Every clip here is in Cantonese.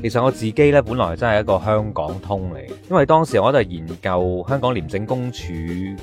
其實我自己咧，本來真係一個香港通嚟，因為當時我喺度研究香港廉政公署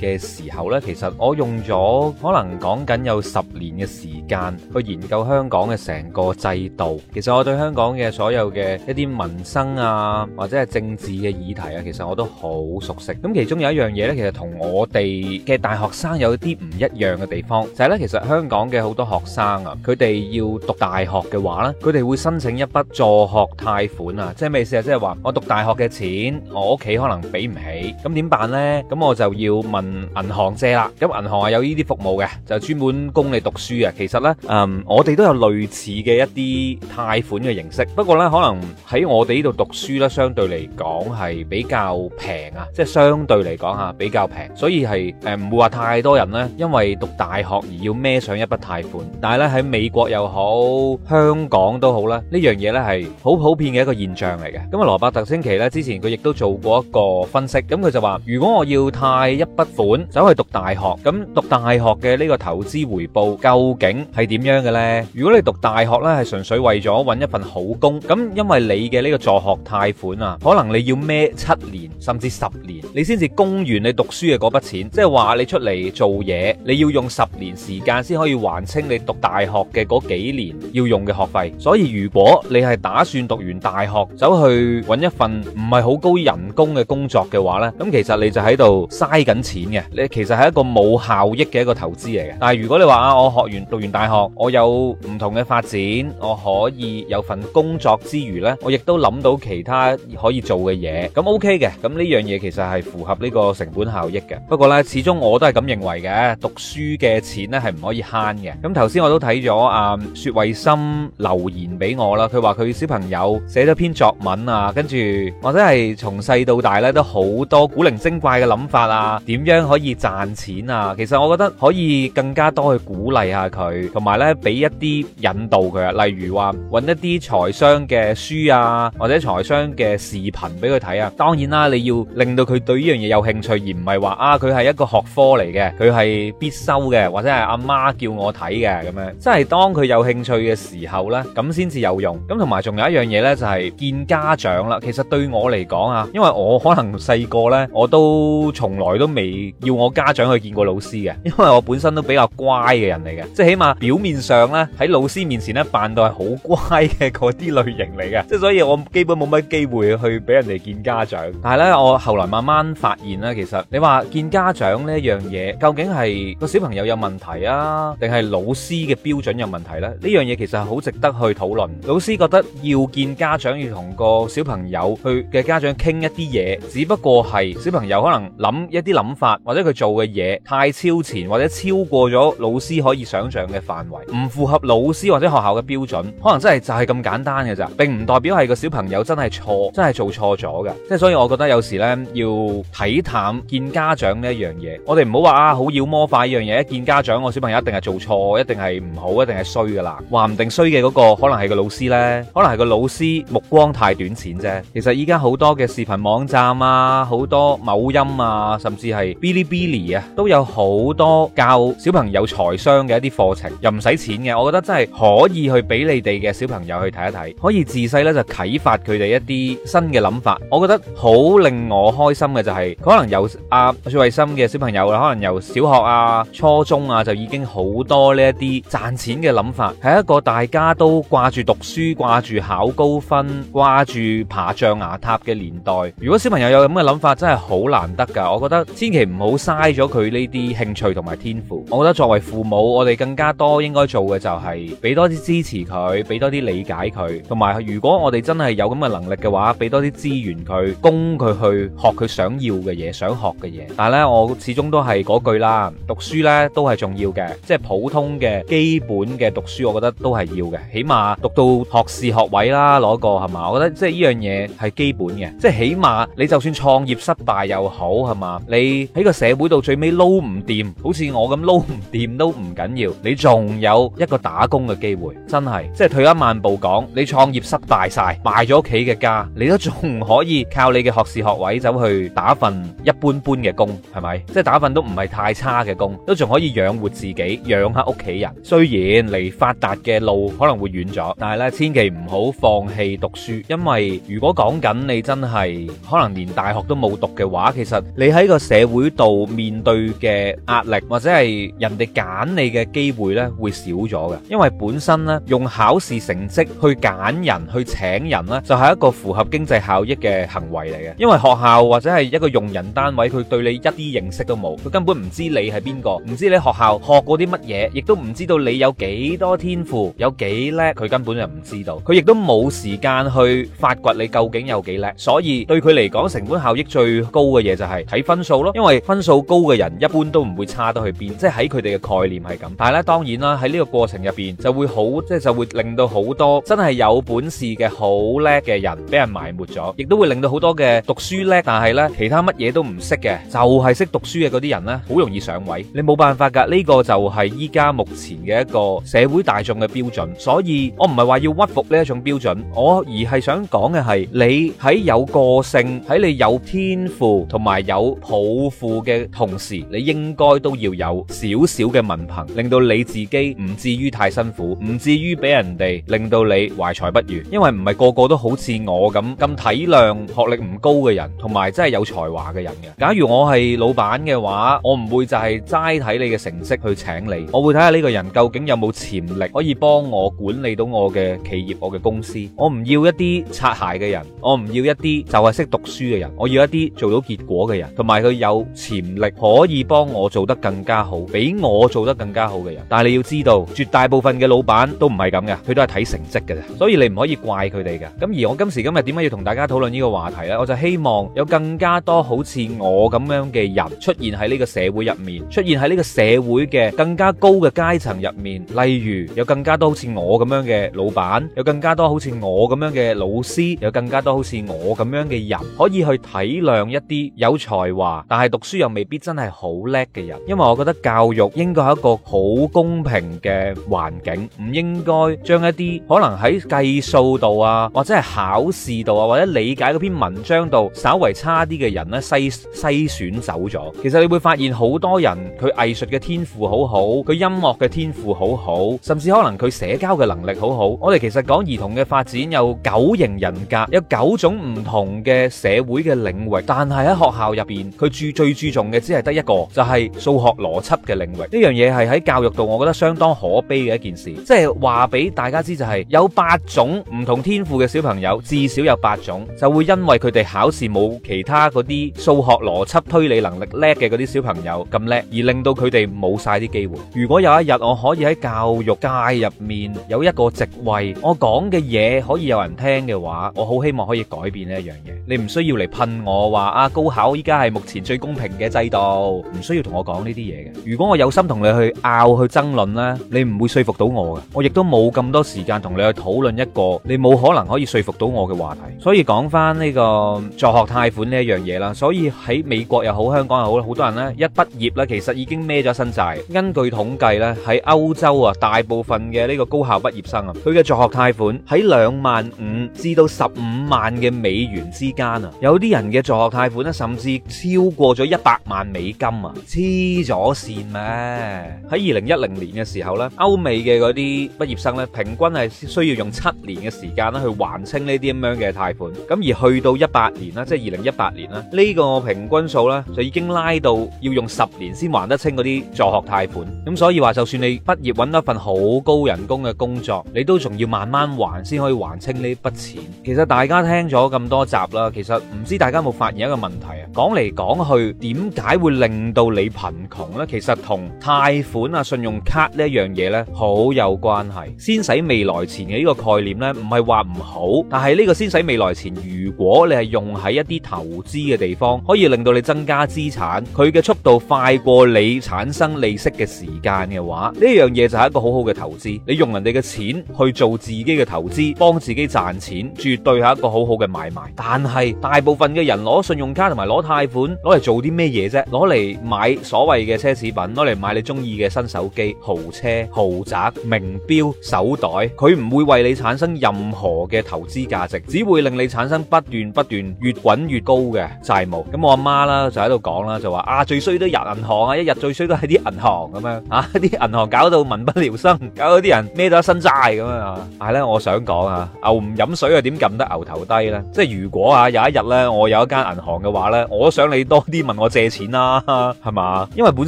嘅時候呢，其實我用咗可能講緊有十年嘅時間去研究香港嘅成個制度。其實我對香港嘅所有嘅一啲民生啊，或者係政治嘅議題啊，其實我都好熟悉。咁其中有一樣嘢呢，其實同我哋嘅大學生有啲唔一樣嘅地方，就係咧，其實香港嘅好多學生啊，佢哋要讀大學嘅話呢，佢哋會申請一筆助學貸。貸款啊，即係咩意思啊，即係話我讀大學嘅錢，我屋企可能俾唔起，咁點辦咧？咁我就要問銀行借啦。咁銀行啊有呢啲服務嘅，就專門供你讀書嘅。其實咧，嗯，我哋都有類似嘅一啲貸款嘅形式，不過咧可能喺我哋呢度讀書咧，相對嚟講係比較平啊，即係相對嚟講啊比較平，所以係誒唔會話太多人咧，因為讀大學而要孭上一筆貸款。但係咧喺美國又好，香港都好啦，呢樣嘢咧係好普遍嘅一個現象嚟嘅，咁啊羅伯特清崎咧之前佢亦都做過一個分析，咁佢就話：如果我要貸一筆款走去讀大學，咁讀大學嘅呢個投資回報究竟係點樣嘅咧？如果你讀大學咧係純粹為咗揾一份好工，咁因為你嘅呢個助學貸款啊，可能你要孭七年甚至十年，你先至供完你讀書嘅嗰筆錢，即係話你出嚟做嘢，你要用十年時間先可以還清你讀大學嘅嗰幾年要用嘅學費，所以如果你係打算讀完大學走去揾一份唔係好高人工嘅工作嘅話呢，咁其實你就喺度嘥緊錢嘅，你其實係一個冇效益嘅一個投資嚟嘅。但係如果你話啊，我學完讀完大學，我有唔同嘅發展，我可以有份工作之餘呢，我亦都諗到其他可以做嘅嘢，咁 OK 嘅。咁呢樣嘢其實係符合呢個成本效益嘅。不過呢，始終我都係咁認為嘅，讀書嘅錢呢係唔可以慳嘅。咁頭先我都睇咗啊薛慧心留言俾我啦，佢話佢小朋友。寫咗篇作文啊，跟住或者係從細到大呢都好多古靈精怪嘅諗法啊，點樣可以賺錢啊？其實我覺得可以更加多去鼓勵下佢，同埋呢俾一啲引導佢啊，例如話揾一啲財商嘅書啊，或者財商嘅視頻俾佢睇啊。當然啦，你要令到佢對呢樣嘢有興趣，而唔係話啊佢係一個學科嚟嘅，佢係必修嘅，或者係阿媽叫我睇嘅咁樣。即係當佢有興趣嘅時候呢，咁先至有用。咁同埋仲有一樣嘢呢，就係見家長啦，其實對我嚟講啊，因為我可能細個咧，我都從來都未要我家長去見過老師嘅，因為我本身都比較乖嘅人嚟嘅，即係起碼表面上咧喺老師面前咧扮到係好乖嘅嗰啲類型嚟嘅，即係所以我基本冇乜機會去俾人哋見家長。但係咧，我後來慢慢發現啦，其實你話見家長呢樣嘢，究竟係個小朋友有問題啊，定係老師嘅標準有問題咧？呢樣嘢其實係好值得去討論。老師覺得要見家長。家長要同個小朋友去嘅家長傾一啲嘢，只不過係小朋友可能諗一啲諗法，或者佢做嘅嘢太超前，或者超過咗老師可以想象嘅範圍，唔符合老師或者學校嘅標準，可能真係就係咁簡單嘅咋，並唔代表係個小朋友真係錯，真係做錯咗嘅。即係所以我覺得有時呢要睇淡見家長呢一樣嘢，我哋唔好話啊好妖魔化呢樣嘢，見家長我小朋友一定係做錯，一定係唔好，一定係衰噶啦，話唔定衰嘅嗰個可能係個老師呢，可能係個老師。目光太短淺啫，其實依家好多嘅視頻網站啊，好多某音啊，甚至係嗶哩嗶哩啊，都有好多教小朋友財商嘅一啲課程，又唔使錢嘅，我覺得真係可以去俾你哋嘅小朋友去睇一睇，可以自細咧就啟發佢哋一啲新嘅諗法。我覺得好令我開心嘅就係、是，可能有阿、啊、小學生嘅小朋友可能由小學啊、初中啊就已經好多呢一啲賺錢嘅諗法，係一個大家都掛住讀書、掛住考高分掛住爬象牙塔嘅年代，如果小朋友有咁嘅諗法，真係好難得噶我覺得千祈唔好嘥咗佢呢啲興趣同埋天賦。我覺得作為父母，我哋更加多應該做嘅就係俾多啲支持佢，俾多啲理解佢，同埋如果我哋真係有咁嘅能力嘅話，俾多啲資源佢，供佢去學佢想要嘅嘢，想學嘅嘢。但係咧，我始終都係嗰句啦，讀書呢都係重要嘅，即係普通嘅基本嘅讀書，我覺得都係要嘅，起碼讀到學士學位啦，嗰個係嘛？我覺得即係呢樣嘢係基本嘅，即係起碼你就算創業失敗又好係嘛？你喺個社會度最尾撈唔掂，好似我咁撈唔掂都唔緊要，你仲有一個打工嘅機會，真係即係退一萬步講，你創業失敗晒，賣咗屋企嘅家，你都仲可以靠你嘅學士學位走去打份一般般嘅工，係咪？即係打份都唔係太差嘅工，都仲可以養活自己、養下屋企人。雖然離發達嘅路可能會遠咗，但係咧，千祈唔好放棄。係讀書，因為如果講緊你真係可能連大學都冇讀嘅話，其實你喺個社會度面對嘅壓力或者係人哋揀你嘅機會呢，會少咗嘅，因為本身呢，用考試成績去揀人去請人呢，就係一個符合經濟效益嘅行為嚟嘅，因為學校或者係一個用人單位佢對你一啲認識都冇，佢根本唔知你係邊個，唔知你學校學過啲乜嘢，亦都唔知道你有幾多天賦有幾叻，佢根本就唔知道，佢亦都冇時。時間去發掘你究竟有幾叻，所以對佢嚟講成本效益最高嘅嘢就係睇分數咯，因為分數高嘅人一般都唔會差得去邊，即係喺佢哋嘅概念係咁。但係咧，當然啦，喺呢個過程入邊就會好，即係就會令到好多真係有本事嘅好叻嘅人俾人埋沒咗，亦都會令到好多嘅讀書叻但係咧其他乜嘢都唔識嘅，就係識讀書嘅嗰啲人咧，好容易上位。你冇辦法噶，呢個就係依家目前嘅一個社會大眾嘅標準。所以，我唔係話要屈服呢一種標準。我而係想講嘅係，你喺有個性，喺你有天賦同埋有抱負嘅同時，你應該都要有少少嘅文憑，令到你自己唔至於太辛苦，唔至於俾人哋令到你懷才不遇。因為唔係個個都好似我咁咁體諒學歷唔高嘅人，同埋真係有才華嘅人嘅。假如我係老闆嘅話，我唔會就係齋睇你嘅成績去請你，我會睇下呢個人究竟有冇潛力可以幫我管理到我嘅企業、我嘅公司。我我唔要一啲擦鞋嘅人，我唔要一啲就係識讀書嘅人，我要一啲做到結果嘅人，同埋佢有潛力可以幫我做得更加好，比我做得更加好嘅人。但係你要知道，絕大部分嘅老闆都唔係咁嘅，佢都係睇成績嘅啫，所以你唔可以怪佢哋嘅。咁而我今時今日點解要同大家討論呢個話題咧？我就希望有更加多好似我咁樣嘅人出現喺呢個社會入面，出現喺呢個社會嘅更加高嘅階層入面，例如有更加多好似我咁樣嘅老闆，有更加多好似我。我咁樣嘅老師，有更加多好似我咁樣嘅人可以去體諒一啲有才華但係讀書又未必真係好叻嘅人，因為我覺得教育應該係一個好公平嘅環境，唔應該將一啲可能喺計數度啊，或者係考試度啊，或者理解嗰篇文章度稍為差啲嘅人呢，篩篩選走咗。其實你會發現好多人佢藝術嘅天賦好好，佢音樂嘅天賦好好，甚至可能佢社交嘅能力好好。我哋其實講兒童嘅發展。有九型人格，有九種唔同嘅社會嘅領域，但係喺學校入邊，佢注最注重嘅只係得一個，就係、是、數學邏輯嘅領域。呢樣嘢係喺教育度，我覺得相當可悲嘅一件事。即係話俾大家知、就是，就係有八種唔同天賦嘅小朋友，至少有八種就會因為佢哋考試冇其他嗰啲數學邏輯推理能力叻嘅嗰啲小朋友咁叻，而令到佢哋冇晒啲機會。如果有一日我可以喺教育界入面有一個職位，我講嘅嘢。可以有人聽嘅話，我好希望可以改變呢一樣嘢。你唔需要嚟噴我話啊，高考依家係目前最公平嘅制度，唔需要同我講呢啲嘢嘅。如果我有心同你去拗去爭論呢，你唔會說服到我嘅。我亦都冇咁多時間同你去討論一個你冇可能可以說服到我嘅話題。所以講翻呢個助學貸款呢一樣嘢啦，所以喺美國又好，香港又好，好多人呢一畢業呢，其實已經孭咗身債。根據統計呢，喺歐洲啊，大部分嘅呢個高校畢業生啊，佢嘅助學貸款喺兩。萬五至到十五萬嘅美元之間啊，有啲人嘅助學貸款咧，甚至超過咗一百萬美金啊，黐咗線咩？喺二零一零年嘅時候咧，歐美嘅嗰啲畢業生咧，平均係需要用七年嘅時間咧去還清呢啲咁樣嘅貸款。咁而去到一八年咧，即係二零一八年咧，呢個平均數咧就已經拉到要用十年先還得清嗰啲助學貸款。咁所以話，就算你畢業揾到一份好高人工嘅工作，你都仲要慢慢還先可以還還清呢筆錢，其實大家聽咗咁多集啦，其實唔知大家有冇發現一個問題啊？講嚟講去，點解會令到你貧窮呢？其實同貸款啊、信用卡呢樣嘢呢好有關係。先使未來錢嘅呢個概念呢，唔係話唔好，但係呢個先使未來錢，如果你係用喺一啲投資嘅地方，可以令到你增加資產，佢嘅速度快過你產生利息嘅時間嘅話，呢樣嘢就係一個好好嘅投資。你用人哋嘅錢去做自己嘅投資，幫。自己賺錢絕對係一個好好嘅買賣，但係大部分嘅人攞信用卡同埋攞貸款攞嚟做啲咩嘢啫？攞嚟買所謂嘅奢侈品，攞嚟買你中意嘅新手機、豪車、豪宅、名錶、手袋，佢唔會為你產生任何嘅投資價值，只會令你產生不斷不斷越滾越高嘅債務。咁我阿媽啦就喺度講啦，就話啊最衰都入銀行啊，一日最衰都係啲銀行咁樣啊，啲銀行搞到民不聊生，搞到啲人孭咗一身債咁樣啊。係啦，我想講啊～牛唔飲水啊，點撳得牛頭低呢？即係如果啊，有一日呢，我有一間銀行嘅話呢，我想你多啲問我借錢啦，啊，係嘛？因為本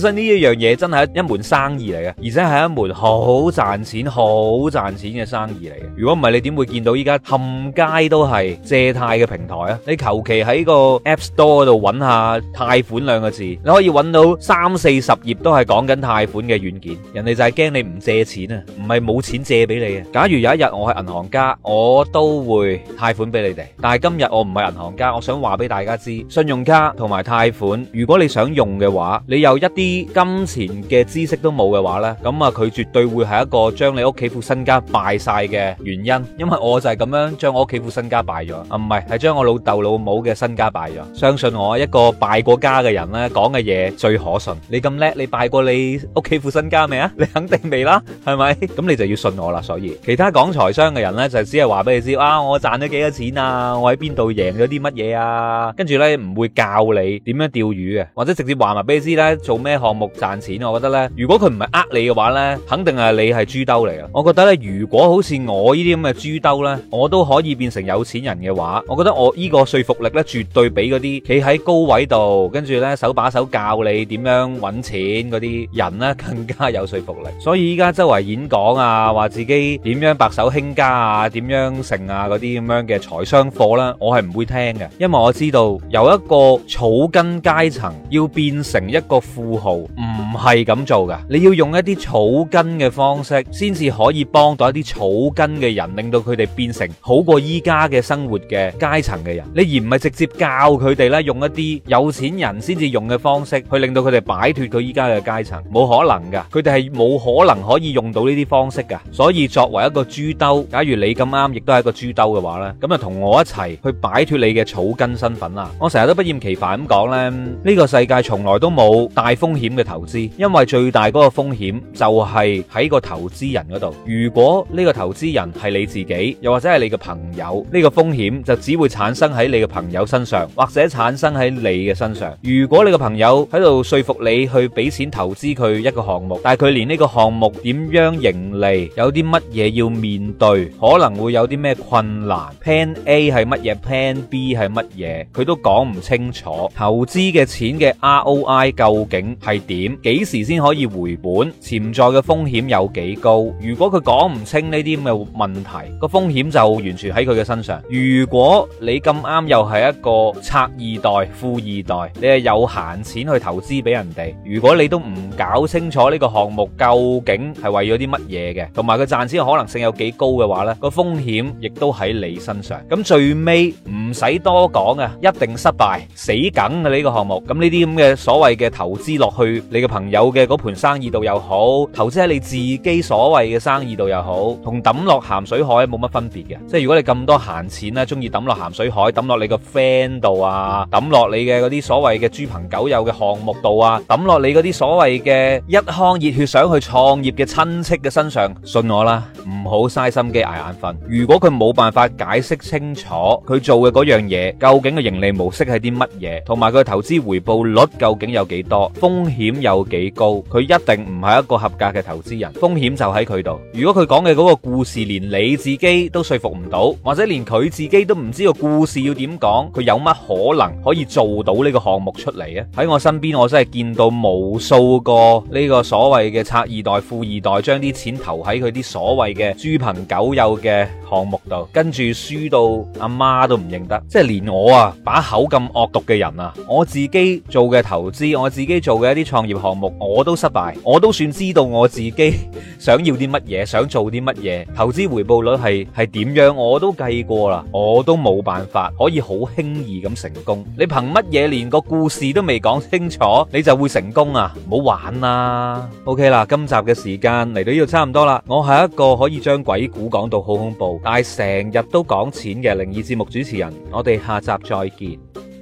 身呢一樣嘢真係一門生意嚟嘅，而且係一門好賺錢、好賺錢嘅生意嚟嘅。如果唔係，你點會見到依家冚街都係借貸嘅平台啊？你求其喺個 App Store 度揾下貸款兩個字，你可以揾到三四十頁都係講緊貸款嘅軟件。人哋就係驚你唔借錢啊，唔係冇錢借俾你啊。假如有一日我係銀行家，我都會貸款俾你哋，但係今日我唔係銀行家，我想話俾大家知，信用卡同埋貸款，如果你想用嘅話，你有一啲金錢嘅知識都冇嘅話呢，咁啊佢絕對會係一個將你屋企副身家敗晒嘅原因，因為我就係咁樣將我屋企副身家敗咗啊，唔係係將我老豆老母嘅身家敗咗。相信我，一個敗過家嘅人呢，講嘅嘢最可信。你咁叻，你敗過你屋企副身家未啊？你肯定未啦，係咪？咁你就要信我啦。所以其他講財商嘅人呢，就係只有。話俾你知啊！我賺咗幾多錢啊？我喺邊度贏咗啲乜嘢啊？跟住呢，唔會教你點樣釣魚啊，或者直接話埋俾你知呢，做咩項目賺錢。我覺得呢，如果佢唔係呃你嘅話呢，肯定係你係豬兜嚟嘅。我覺得呢，如果好似我呢啲咁嘅豬兜呢，我都可以變成有錢人嘅話，我覺得我呢個說服力呢，絕對比嗰啲企喺高位度，跟住呢，手把手教你點樣揾錢嗰啲人呢，更加有說服力。所以依家周圍演講啊，話自己點樣白手興家啊，點樣？商城啊，嗰啲咁樣嘅財商課啦，我係唔會聽嘅，因為我知道由一個草根階層要變成一個富豪，唔係咁做噶，你要用一啲草根嘅方式，先至可以幫到一啲草根嘅人，令到佢哋變成好過依家嘅生活嘅階層嘅人，你而唔係直接教佢哋咧用一啲有錢人先至用嘅方式，去令到佢哋擺脫佢依家嘅階層，冇可能噶，佢哋係冇可能可以用到呢啲方式噶，所以作為一個豬兜，假如你咁啱。亦都係一個豬兜嘅話呢咁啊，同我一齊去擺脫你嘅草根身份啦。我成日都不厭其煩咁講咧，呢個世界從來都冇大風險嘅投資，因為最大嗰個風險就係喺個投資人嗰度。如果呢個投資人係你自己，又或者係你嘅朋友，呢個風險就只會產生喺你嘅朋友身上，或者產生喺你嘅身上。如果你嘅朋友喺度說服你去俾錢投資佢一個項目，但係佢連呢個項目點樣盈利，有啲乜嘢要面對，可能？會有啲咩困難？Plan A 係乜嘢？Plan B 係乜嘢？佢都講唔清楚。投資嘅錢嘅 ROI 究竟係點？幾時先可以回本？潛在嘅風險有幾高？如果佢講唔清呢啲咁嘅問題，個風險就完全喺佢嘅身上。如果你咁啱又係一個拆二代、富二代，你係有閒錢去投資俾人哋。如果你都唔搞清楚呢個項目究竟係為咗啲乜嘢嘅，同埋佢賺錢可能性有幾高嘅話咧，個風風險亦都喺你身上，咁最尾唔使多講啊，一定失敗死梗嘅呢個項目。咁呢啲咁嘅所謂嘅投資落去，你嘅朋友嘅嗰盤生意度又好，投資喺你自己所謂嘅生意度又好，同抌落咸水海冇乜分別嘅。即係如果你咁多閒錢咧，中意抌落咸水海，抌落你個 friend 度啊，抌落你嘅嗰啲所謂嘅豬朋狗友嘅項目度啊，抌落你嗰啲所謂嘅一腔熱血想去創業嘅親戚嘅身上，信我啦，唔好嘥心機挨眼瞓。如果佢冇辦法解釋清楚佢做嘅嗰樣嘢究竟嘅盈利模式係啲乜嘢，同埋佢投資回報率究竟有幾多，風險有幾高，佢一定唔係一個合格嘅投資人，風險就喺佢度。如果佢講嘅嗰個故事連你自己都說服唔到，或者連佢自己都唔知個故事要點講，佢有乜可能可以做到呢個項目出嚟啊？喺我身邊，我真係見到無數個呢個所謂嘅拆二代、富二代，將啲錢投喺佢啲所謂嘅豬朋狗友嘅。項目度跟住輸到阿媽都唔認得，即係連我啊把口咁惡毒嘅人啊，我自己做嘅投資，我自己做嘅一啲創業項目，我都失敗，我都算知道我自己 想要啲乜嘢，想做啲乜嘢，投資回報率係係點樣，我都計過啦，我都冇辦法可以好輕易咁成功。你憑乜嘢連個故事都未講清楚，你就會成功啊？唔好玩啦。OK 啦，今集嘅時間嚟到呢度差唔多啦。我係一個可以將鬼故講到好恐怖，但係成日都講錢嘅靈異節目主持人，我哋下集再見。